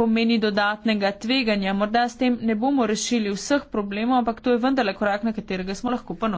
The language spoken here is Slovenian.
pomeni dodatnega tveganja. Morda s tem ne bomo rešili vseh problemov, ampak to je vendarle korak, na katerega smo lahko ponosni.